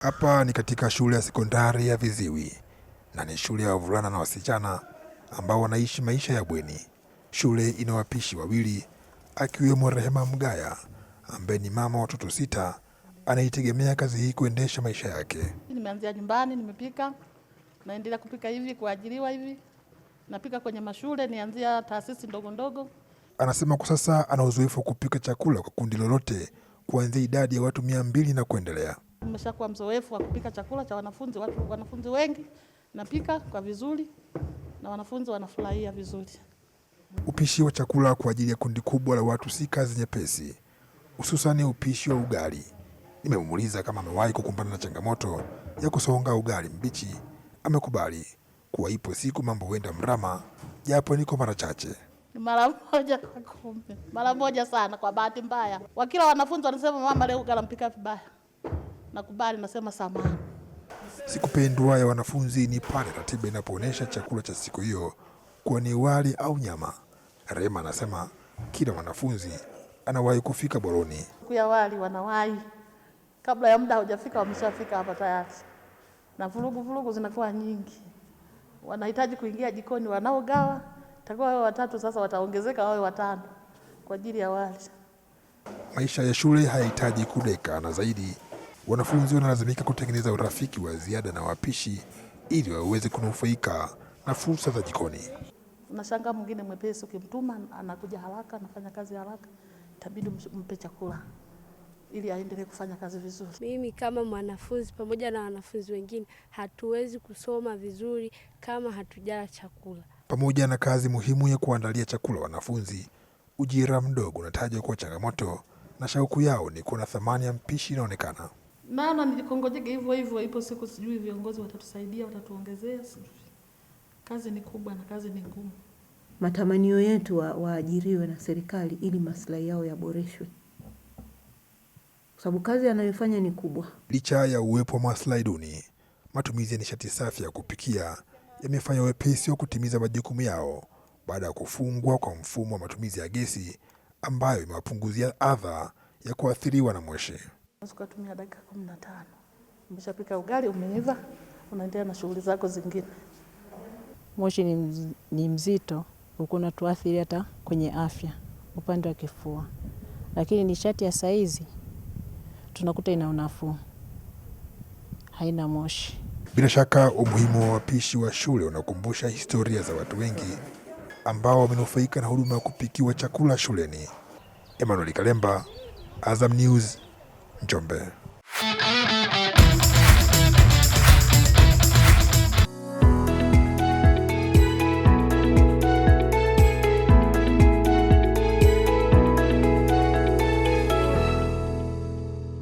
Hapa ni katika shule ya sekondari ya Viziwi na ni shule ya wavulana na wasichana ambao wanaishi maisha ya bweni. Shule ina wapishi wawili akiwemo Rehema Mgaya ambaye ni mama watoto sita, anaitegemea kazi hii kuendesha maisha yake. Nimeanzia nyumbani, nimepika, naendelea kupika hivi, kuajiriwa hivi, napika kwenye mashule, nianzia taasisi ndogo ndogo. Anasema kwa sasa ana uzoefu wa kupika chakula kwa kundi lolote kuanzia idadi ya watu mia mbili na kuendelea. Nimeshakuwa mzoefu wa kupika chakula cha wanafunzi, watu wanafunzi wengi napika kwa vizuri na wanafunzi wanafurahia vizuri. Upishi wa chakula kwa ajili ya kundi kubwa la watu si kazi nyepesi, hususani upishi wa ugali. Nimemuuliza kama amewahi kukumbana na changamoto ya kusonga ugali mbichi. Amekubali kuwa ipo siku mambo huenda mrama, japo niko mara chache mara moja kwa kumbe, mara moja sana. Kwa bahati mbaya, wakila wanafunzi wanasema mama, leo ugali mpika vibaya. Nakubali, nasema samahani. Siku pendwa ya wanafunzi ni pale ratiba inapoonyesha chakula cha siku hiyo kuwa ni wali au nyama. Rema anasema kila mwanafunzi anawahi kufika boroni. Siku ya wali wanawahi, kabla ya muda haujafika wameshafika hapa tayari, na vurugu vurugu zinakuwa nyingi, wanahitaji kuingia jikoni. Wanaogawa takiwa wao watatu, sasa wataongezeka wawe watano kwa ajili ya wali. Maisha ya shule hayahitaji kudeka na zaidi Wanafunzi wanalazimika kutengeneza urafiki wa ziada na wapishi ili waweze kunufaika na fursa za jikoni. Unashanga mwingine mwepesi, ukimtuma anakuja haraka, anafanya kazi haraka, itabidi mpe chakula ili aendelee kufanya kazi vizuri. Mimi kama mwanafunzi pamoja na wanafunzi wengine hatuwezi kusoma vizuri kama hatujala chakula. Pamoja na kazi muhimu ya kuandalia chakula wanafunzi, ujira mdogo unatajwa kuwa changamoto na shauku yao ni kuona thamani ya mpishi inaonekana maana nikongojeke hivyo hivyo, ipo siku sijui viongozi watatusaidia, watatuongezea, sijui. Kazi ni kubwa na kazi ni ngumu. Matamanio yetu waajiriwe wa na serikali ili maslahi yao yaboreshwe, kwa sababu kazi anayofanya ni kubwa. Licha ya uwepo wa maslahi duni, matumizi ya nishati safi ya kupikia yamefanya wepesi wa kutimiza majukumu yao baada ya kufungwa kwa mfumo wa matumizi ya gesi ambayo imewapunguzia adha ya kuathiriwa na moshi ukatumia dakika kumi na tano. Umeshapika ugali, umeiva, unaendelea na shughuli zako zingine. Moshi ni, ni mzito, ukuna unatuathiri hata kwenye afya upande wa kifua, lakini nishati ya saizi tunakuta ina unafuu, haina moshi. Bila shaka umuhimu wa wapishi wa shule unakumbusha historia za watu wengi ambao wamenufaika na huduma ya kupikiwa chakula shuleni. Emmanuel Kalemba, Azam News. 准备。